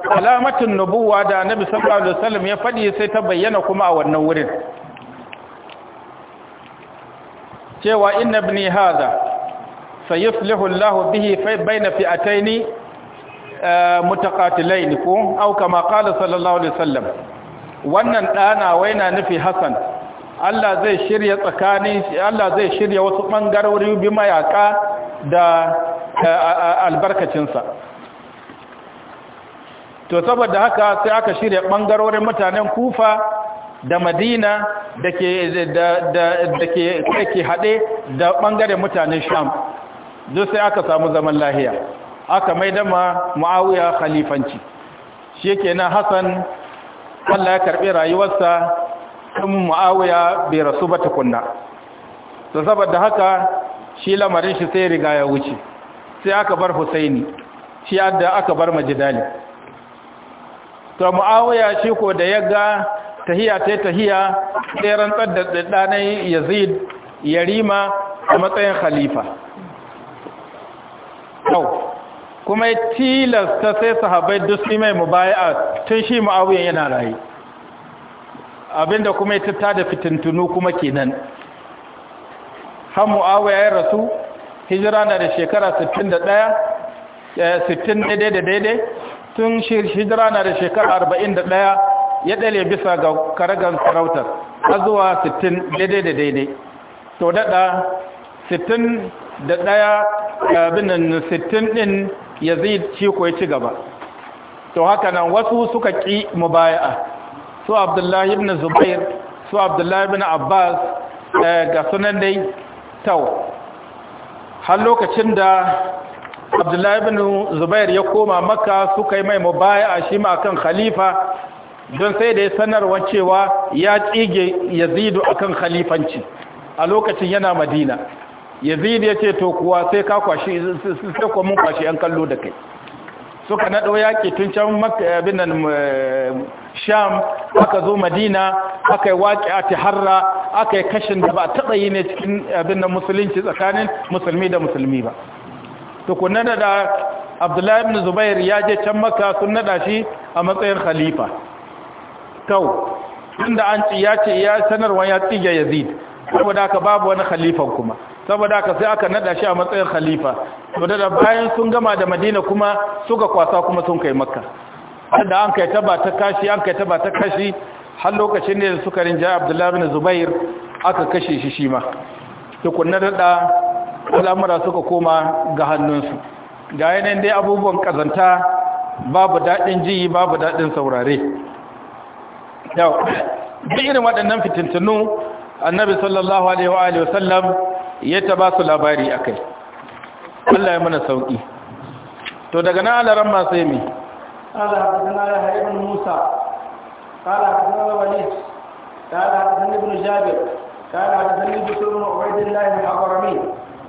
alamatin nubuwa da annabi sallallahu alaihi wasallam ya faɗi sai ta bayyana kuma a wannan wurin cewa inna ibni hada sayuflihu lahu bihi bayna fi'ataini Eh, mutaqatilain ko auka kama qala sallallahu alaihi wasallam wannan dana waina nufi Hassan Allah zai shirya tsakanin Allah zai shirya wasu bangarori bi mayaka da eh, albarkacinsa to saboda haka sai aka shirya bangarorin mutanen Kufa da Madina da ke da ke haɗe da ɓangaren mutanen Sham duk sai aka samu zaman lahiya aka mai dama muawiya khalifanci shi na Hassan Allah ya karbi rayuwarsa kun muawiya bai rasu ba tukunna to saboda haka shi lamarin shi sai riga ya wuce sai aka bar husaini shi adda aka bar majidali to muawiya shi ko da yaga tahiya ta tahiya tseren da danai yazid yarima a matsayin khalifa kuma ya tilasta sai sahabai duk su mai mubaya'a tun shi mu'awiya yana rayu abinda kuma ya tatta da fitintunu kuma kenan har mu'awiya ya rasu hijira na da shekara 61 60 eh, daidai da daidai tun hijira na da shekara 41 ya dale bisa ga karagan sarautar har zuwa 60 daidai da daidai to dada 60 da daya eh, abin nan 60 din yazid shi ko ya ci gaba to haka nan wasu suka ƙi mubaya'a su abdullahi ibn zubair su abdullahi ibn abbas eh, ga sunan dai tau har lokacin da abdullahi ibn zubair ya koma maka suka yi mai mubaya'a shi ma kan khalifa don sai da ya sanarwa cewa ya ƙige yazidu akan khalifanci a lokacin yana madina yazid ya ce to kuwa sai ka kwashi sai kuwa mun kwashi yan kallo da kai suka naɗo yaƙi tun can abin nan eh, sham aka zo madina aka yi waƙi a tiharra aka yi kashin da ba a taɓa yi ne cikin abin nan musulunci tsakanin musulmi da musulmi ba To kuna da abdullahi ibn zubair ya je can maka sun naɗa shi a matsayin khalifa tau tunda an ci ya ce ya sanarwa ya tsige yazid saboda haka babu wani khalifan kuma saboda haka sai aka nada shi a matsayin khalifa to da bayan sun gama da madina kuma suka kwasa kuma sun kai makka da an kai taba ta kashi an kai taba ta kashi har lokacin da suka rinja abdullahi bin zubair aka kashe shi shi ma tukunna da al'amura suka koma ga hannunsu ga yanayin dai abubuwan kazanta babu daɗin ji babu daɗin saurare yau duk irin waɗannan fitintunu annabi sallallahu alaihi wa sallam ya ta ba su labari a kai Allah ya mana sauƙi to daga na alaran masu yi mai haifin musa ƙala haka ibn jabir ƙala haka sana ubaidin lahi haƙarami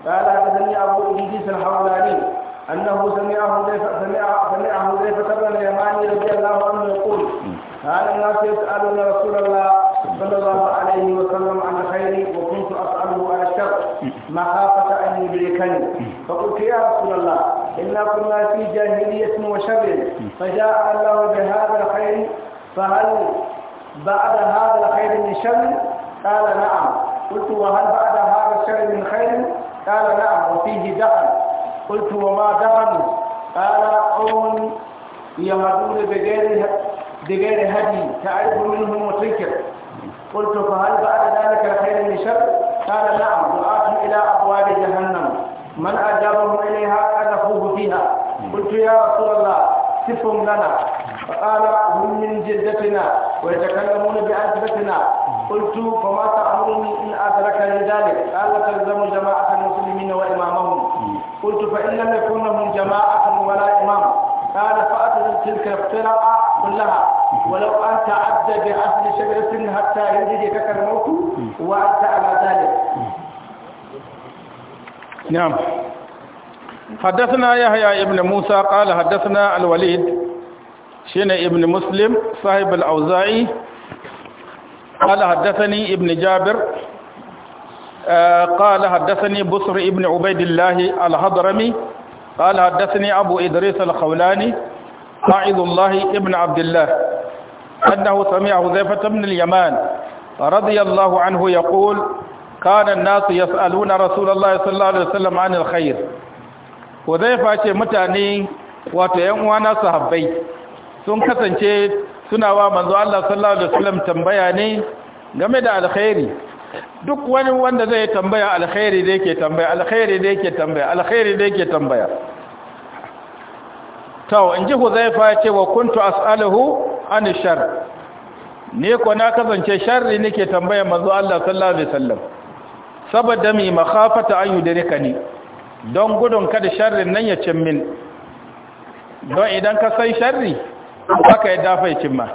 ƙala haka abu idris al-hawlani أنه سمعه ضيفة سمعه قال الناس يسألون رسول الله صلى الله عليه وسلم عن والشر مخافة أن يدركني فقلت يا رسول الله إنا كنا في جاهلية وشر فجاء الله بهذا الخير فهل بعد هذا الخير من شر قال نعم قلت وهل بعد هذا الشر من خير قال نعم وفيه دخل قلت وما دخل قال قوم يمدون بغير بغير هدي تعرف منهم وتنكر قلت فهل بعد ذلك خير من شر قال نعم دعاة إلى أبواب جهنم من أجابهم إليها أدخوه فيها قلت يا رسول الله سفهم لنا فقال هم من جدتنا ويتكلمون بألسنتنا قلت فما تأمرني إن أدرك ذلك قال تلزم جماعة المسلمين وإمامهم قلت فإن لم يكن لهم جماعة ولا إمام قال فأتت تلك الطرقة كلها ولو أن تعد بعسل شجرة حتى لك الموت وأنت على ذلك نعم حدثنا يحيى ابن موسى قال حدثنا الوليد شين ابن مسلم صاحب الأوزاعي قال حدثني ابن جابر آه، قال حدثني بصر ابن عبيد الله الهضرمي قال حدثني أبو إدريس الخولاني قائد الله ابن عبد الله أنه سمع حذيفة بن اليمان رضي الله عنه يقول كان الناس يسألون رسول الله صلى الله عليه وسلم عن الخير حذيفة متاني wato ‘yan uwana sahabbai sun kasance suna wa manzo Allah sallallahu Alaihi wasallam tambaya ne game da alkhairi duk wani wanda zai tambaya alkhairi da yake tambaya alkhairi da yake tambaya alkhairi da yake tambaya to in ji huzaifa ya ce wa kuntu as'aluhu an shar ne ko na kasance sharri nake tambaya manzo Allah sallallahu alaihi wasallam saboda mi makhafata an yudrika ni don gudun kada sharrin nan ya cin min don idan ka sai sharri baka yadda fa ya cimma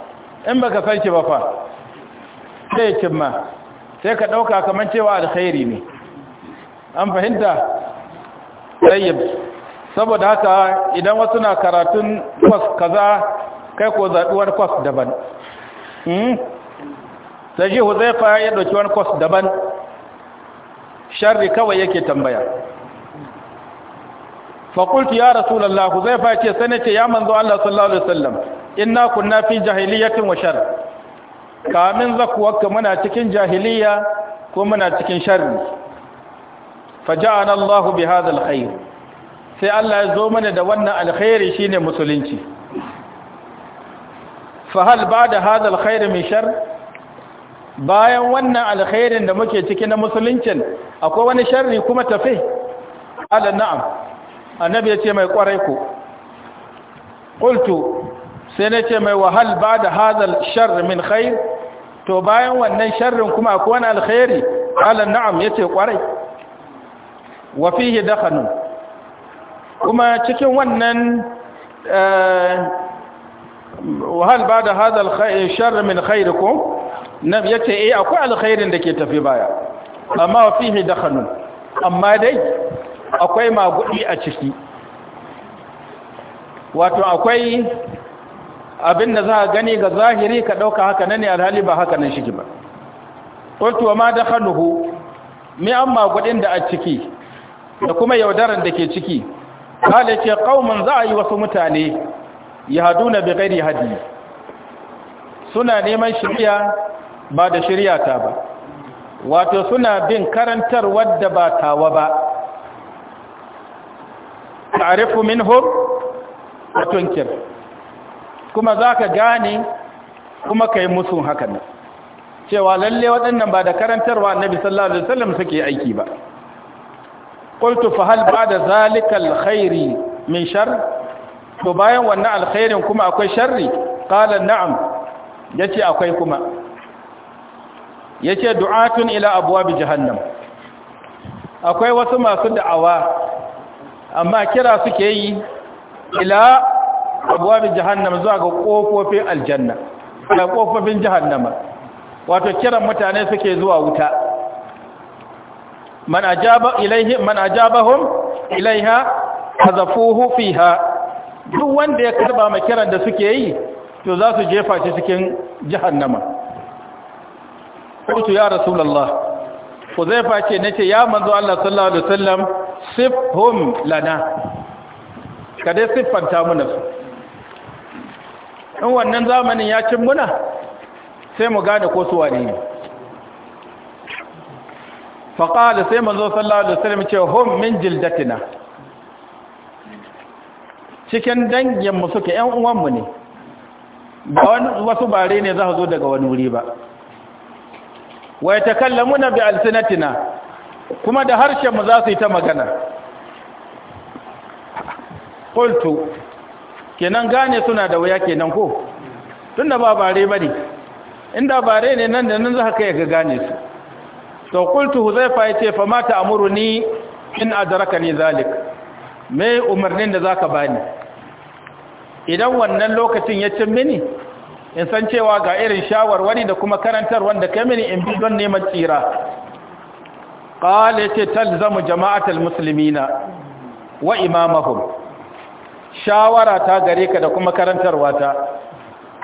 in baka sai ki ba fa sai ya cimma sai ka ɗauka kamar cewa alkhairi ne an fahimta tsayyab saboda haka idan wasu na karatun kwas kaza kai ko zaɗuwar kwas daban hmm? sai shi fa ya ɗauki wani kwas daban shari kawai yake tambaya Fakulti ya rasulallah huzaifa ce sai ce ya manzo Allah sallallahu alaihi wasallam inna kunna fi jahiliyatin wa shari kamin zakuwarka muna cikin jahiliya ko muna cikin sharri faja'ana Allah bi hadha alkhair sai Allah ya zo mana da wannan alkhairi shine musulunci fa hal ba'da hadha alkhair min shar bayan wannan alkhairin da muke ciki na musuluncin akwai wani sharri kuma tafi ala na'am annabi ya ce mai kwarai ku qultu sai na ce mai wahal ba da hazal shar min khair to bayan wannan sharrin kuma akwai wani alkhairi ala na'am yace kwarai wa fihi dakhanun kuma cikin wannan eh, wahal ba da hazal shar min khair ko nan yace eh akwai alkhairin da ke tafi baya amma wa fihi dakhanun amma dai akwai magudi a ciki wato akwai abin da za a gani ga zahiri ka ɗauka haka nan ne alhali ba haka nan shigi ba ƙultu wa ma da hannuhu mai an magudin da a ciki da kuma yaudaran da ke ciki hali ke ƙaumin za a yi wasu mutane ya hadu na bigari hadi suna neman shirya ba da shirya ta ba wato suna bin karantar wadda ba tawa ba ta'arifu minhum wa tunkir kuma za ka gane kuma ka yi musu hakan cewa lalle waɗannan ba da karantarwa annabi sallallahu alaihi wasallam suke aiki ba qultu fa hal ba'da zalika alkhairi min shar to bayan wannan alkhairin kuma akwai sharri qala na'am yace akwai kuma yace du'atun ila abwab jahannam akwai wasu masu da'awa amma kira suke yi ila abuwabin jahannama zuwa ga kofofin aljanna da kofofin jahannama wato kiran mutane suke zuwa wuta man ajaba ilaihi man ajabahum ilaiha hazafuhu fiha duk wanda ya karba ma kiran da suke yi to za su jefa shi cikin jahannama kuntu ya rasulullah huzaifa ce nace ya manzo Allah sallallahu alaihi wasallam sifhum lana kada siffanta mu su in wannan zamanin ya cin muna sai mu gane ko suwa ne faƙali sai manzo sallallahu alaihi wasallam ce hum min jildatina cikin danginmu suke ‘yan uwanmu ne ba wasu bare ne za zo daga wani wuri ba wai ta kallamuna bi alsinatina kuma da harshenmu za su yi ta magana ƙultu kenan gane suna da wuya kenan ko tunda ba bare ba ne, inda bare ne nan da nan za ka ga gane su to qultu huzaifa yace fa ma ni in ni zalik me umarnin da zaka bani idan wannan lokacin ya cin mini in san cewa ga irin shawarwari da kuma karantar wanda kai mini in bi don neman tsira qala yace talzamu jama'atal muslimina wa imamahum shawara ta gare ka da kuma karantarwa ta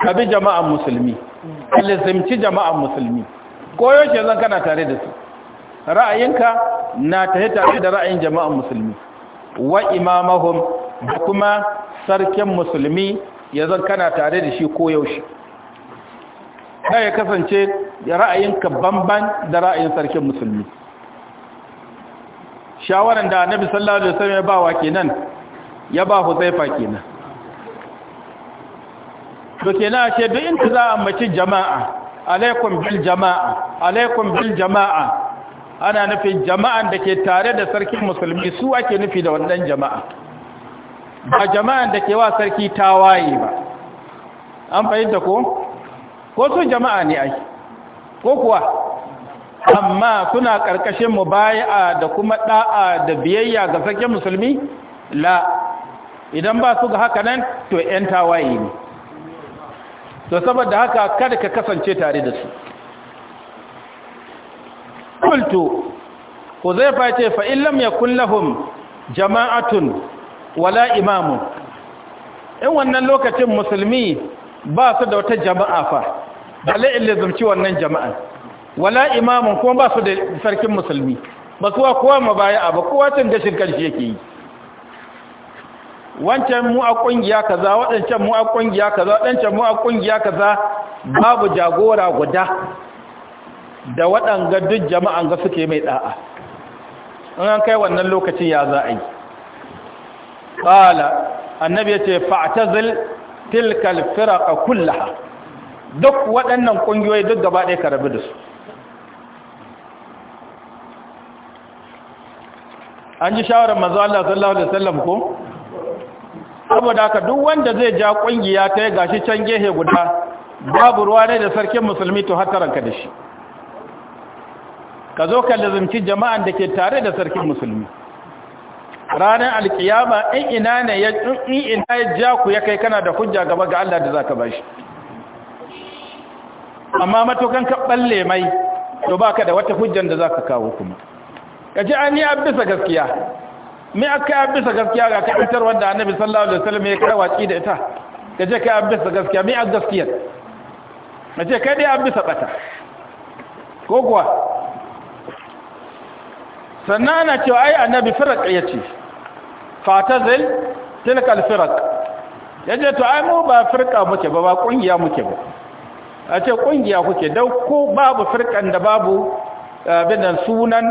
ka bi jama'an musulmi alizimci jama'an musulmi koyaushe zan kana tare da su ra'ayinka na tahe tare da ra'ayin jama'an musulmi wa imamahum da kuma sarkin musulmi ya zan kana tare da shi koyaushe ta ya kasance ra'ayinka banban da ra'ayin sarkin musulmi shawaran da annabi sallallahu alaihi wasallam ya bawa kenan ya ba huzaifa kenan to kenan ashe duk in za a mace jama'a alaikum bil jama'a alaikum bil jama'a ana nufin jama'an da ke tare da sarkin musulmi su ake nufi da wannan jama'a ba jama'an da ke wa sarki tawaye ba an fahimta ko ko su jama'a ne ai ko kuwa amma suna ƙarƙashin mubaya'a da kuma ɗa'a da biyayya ga sarkin musulmi la idan ba su ga haka nan to 'yan tawaye ne to saboda haka kada ka kasance tare da su kultu huzaifa ce fa illam yakun lahum jama'atun wala imamun in wannan lokacin musulmi ba su da wata jama'a fa bale in lazumci wannan jama'a wala imamun kuma ba su da sarkin musulmi ba kowa kowa mabaya ba kowa tun gashin shi yake yi wancan mu a kungiya kaza wadancan mu a kungiya kaza wadancan mu a kungiya kaza babu jagora guda da wadanga duk jama'an ga suke mai da'a in an kai wannan lokacin ya za a yi qala annabi yace fa'tazil tilka alfiraqa kullaha duk waɗannan kungiyoyi duk gaba ɗaya ka rabu da su an ji shawarar manzo Allah sallallahu alaihi wasallam ko saboda haka duk wanda zai ja kungiya ta ya gashi can gehe guda babu ruwa ne da sarkin musulmi to hataranka da shi ka zo ka lazimci jama'an da ke tare da sarkin musulmi ranar alkiyama in ina ne ya ina ya ja ku ya kai kana da hujja gaba ga Allah da zaka bashi amma matukan ka balle mai to baka da wata hujjan da zaka kawo kuma kaji an yi abisa gaskiya me aka yi bisa gaskiya ga karantar wanda annabi sallallahu alaihi wasallam ya karawa ki da ita ka je kai bisa gaskiya me aka gaskiya na ce kai dai bisa bata ko kuwa sannan ana ce ai annabi firak ya ce fatazil tilka al Ya yaje to ai mu ba firka muke ba ba kungiya muke ba a ce kungiya kuke dau ko babu firkan da babu eh, abin sunan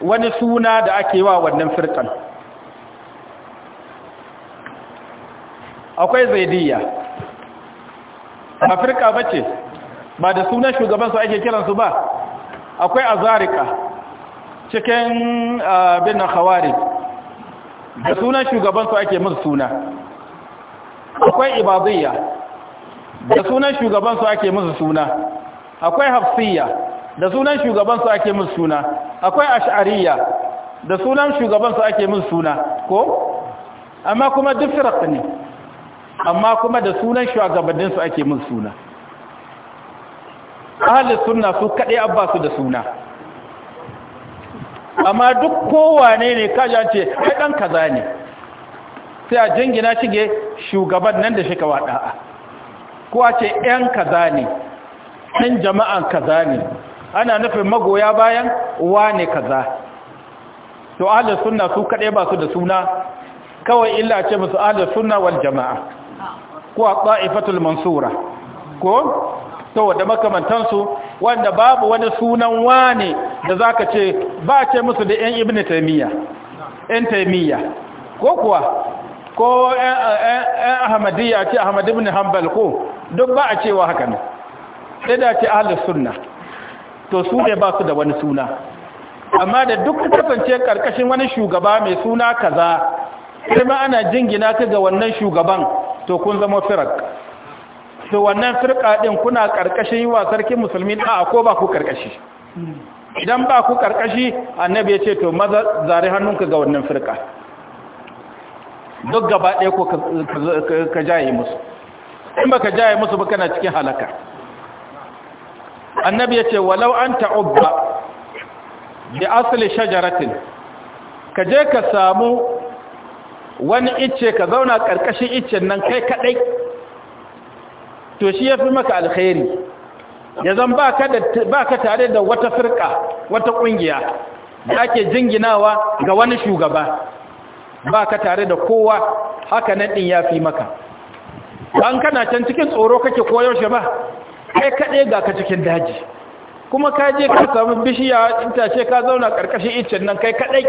wani suna da ake wa wannan firkan akwai zaidiyya a firka ce ba da sunan shugaban su ake kiransu ba akwai azarika cikin ah, bin khawari da sunan shugaban su ake musu suna akwai ibadiyya da sunan shugaban su ake musu suna akwai hafsiyya da sunan shugaban su ake musu suna akwai ash'ariya da sunan shugaban su ake musu suna ko amma kuma duk firaq ne amma kuma da sunan shugabannin su ake musu suna ahli sunna su kade abba su da suna amma duk kowane ne kaja ce ai dan kaza ne sai a jingina shige shugaban nan da shi wada'a da'a ko a ce 'yan kaza ne ɗan jama'an kaza ne ana nufin magoya bayan wane kaza to ahlus sunna su kadai ba su da suna kawai illa ce musu ahlus sunna wal jamaa ko qa'ifatul mansura ko to da makamantansu wanda babu wani sunan wane da zaka ce ba ce musu da yan ibnu taymiya ɗan taymiya ko kuwa ko ahmadiyya ce ahmad ibn hanbal ko duk ba a cewa haka ne da ce ahalus sunna to su ne ba su da wani suna amma da duk kasance karkashin wani shugaba mai suna kaza sai ma ana jingina ka ga wannan shugaban to kun zama firak to wannan firka din kuna karkashin wa sarki musulmi a ko ba ku karkashi idan ba ku karkashi annabi ya ce to maza zare hannunka ga wannan firka duk gaba ɗaya ko ka jaye musu in ka jaye musu ba kana cikin halaka annabi ya ce walau an ta'ubba da asali shajaratin ka je ka samu wani icce ka zauna ƙarƙashin iccen nan kai kaɗai to shi ya fi maka alkhairi ya zan ba ka tare da wata firka wata ƙungiya da ake jinginawa ga wani shugaba ba ka tare da kowa haka nan ɗin ya fi maka an kana can cikin tsoro kake koyaushe ba kai kaɗai ga ka cikin daji kuma ka je ka samu bishiya itace ka zauna ƙarƙashin icen nan kai kaɗai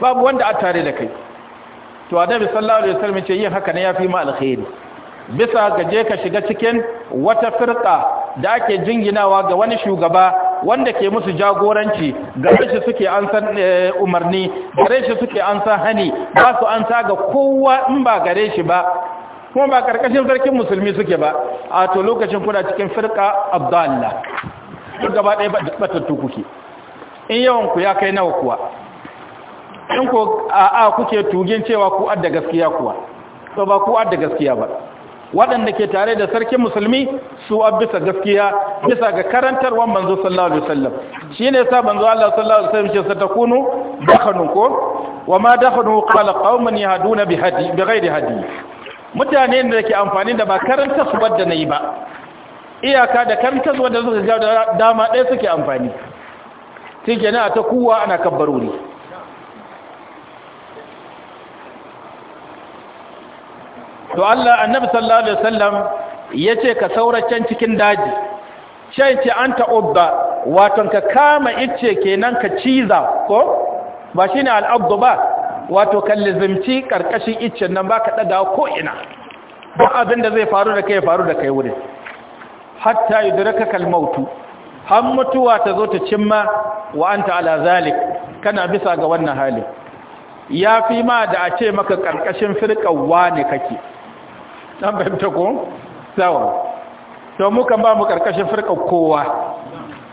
babu wanda a tare da kai to a annabi sallallahu alaihi wasallam ce yin haka ne yafi ma alkhairi bisa ga je ka shiga cikin wata firka da ake jinginawa ga wani shugaba wanda ke musu jagoranci gare shi suke an san eh, umarni gare shi suke an san hani ba su an ta ga kowa in ba gare shi ba kuma ba karkashin sarkin musulmi suke ba a to lokacin kuna cikin firka abdalla duk gaba ɗaya batattu kuke in yawan ku ya kai nawa kuwa in ku a kuke tugin cewa ku adda gaskiya kuwa to ba ku adda gaskiya ba waɗanda ke tare da sarkin musulmi su a bisa gaskiya bisa ga karantarwar manzo sallallahu alaihi wasallam shine yasa banzu Allah sallallahu alaihi wasallam ce satakunu dakhanu ko wa ma dakhanu qala qauman yahduna bi hadi bi ghairi hadi mutane da ke amfani da ba karanta su wadda na yi ba iyaka da karanta su wadda suka da dama ɗaya suke amfani sai ke na ta kuwa ana kabbarori to Allah annabi sallallahu alaihi wasallam ce ka sauraccen cikin daji sai ce an ta'ubba waton ka kama ice kenan ka ciza ko ba shine al'abdu ba wato kallizimci ƙarƙashin iccen nan baka ɗaga ko ina ba abin da zai faru da kai faru da kai wurin hatta idraka ka kalmautu. har mutuwa ta zo ta cimma wa an ala zalik kana bisa ga wannan hali ya fi ma da a ce maka ƙarƙashin firkawa ne kake ɗan fahimta ko sawa to mu kan ba mu karkashin firkar kowa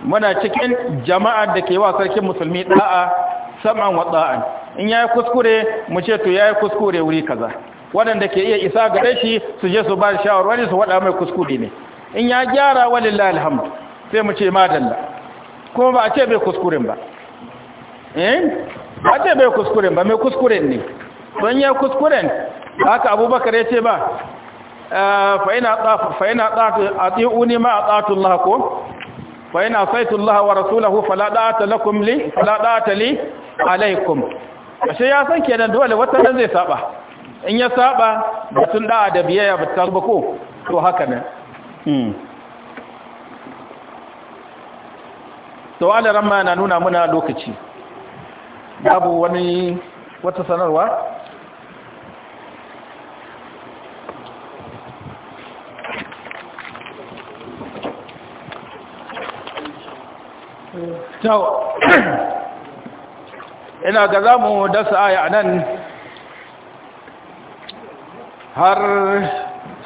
muna cikin jama'ar da ke wa sarkin musulmi ɗa'a sam'an wadda'an in yayi kuskure mu ce to yayi kuskure wuri kaza wadanda ke iya isa gare shi su je su ba shawarwari su wada mai kuskure ne in ya gyara walillahi alhamd sai mu ce madalla kuma ba a ce bai kuskuren ba eh a ce bai kuskuren ba mai kuskuren ne don ya kuskuren haka abubakar ya ce ba eh, fa ina tsatu a tsi'uni ma a tsatun ko. fa ina Allah wa rasulahu fala da'ata lakum li fala da'ata li alaikum ashe ya san kenan dole wata nan zai saba in ya saba batun da'a da biyayya ba ta ba ko to haka ne to alaramma na nuna muna lokaci babu wani wata sanarwa tau ina ga za mu dasa aya nan har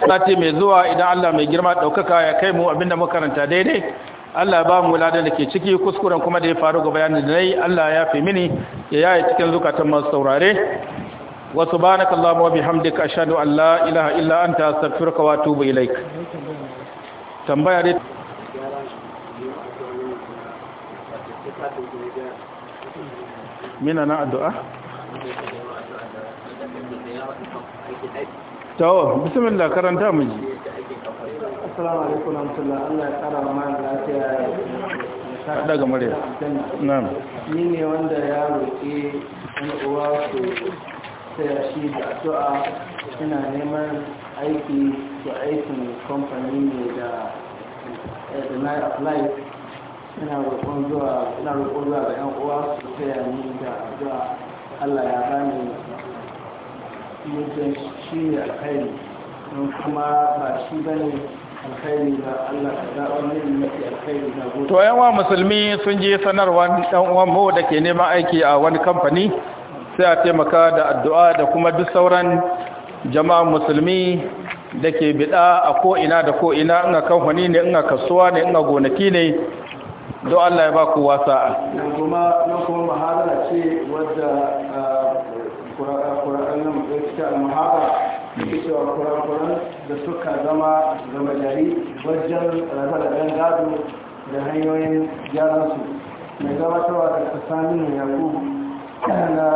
sati mai zuwa idan Allah mai girma ɗaukaka ya kai mu abinda makaranta daidai Allah ba mu wula da ke ciki kuskuren kuma da ya faru ga bayanin da nai Allah ya fi mini ya yaya cikin zukatan masu saurare wa subhanakallahumma wa bihamdika ashhadu an Allah ilaha illa ta astaghfiruka rukawa tuba ilaik tambaya dai mina انا addu'a تو بسم الله mu ji السلام عليكم warahmatullahi الله ya da ga ni ne wanda ya roki uwa su sai shi da addu'a ina neman aiki su aikin kamfani ne da na ina roƙon zuwa ina roƙon zuwa ga 'yan uwa su taya ni da addu'a Allah ya bani mutum shi ne alkhairi don kuma ba shi bane alkhairi ba Allah ka zaɓa mai mafi alkhairi ga gobe. To yan wa musulmi sun je sanarwar ɗan uwan mu da ke neman aiki a wani kamfani sai a taimaka da addu'a da kuma duk sauran jama'a musulmi da ke bida a ko'ina da ko'ina ina kamfani ne ina kasuwa ne ina gonaki ne don Allah ya ba ku wasa a kuma nan kuma mahadara ce wadda ƙura'an ah, nan da suke al-mahadara cewa ƙura'an da suka zama gama jari wajen rasa gado da hanyoyin gyaransu mai gabatarwa da tsakanin yaku na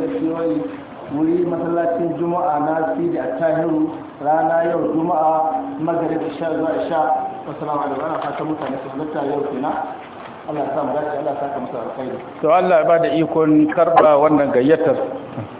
tafiyoyi wuri masallacin juma'a na sidi a tahiru rana yau juma'a magarib sha zuwa sha assalamu alaikum ana fata mutane su halatta yau kenan Allah ya sa mu dace Allah ya saka masa alkhairi to Allah ya bada da ikon karba wannan gayyatar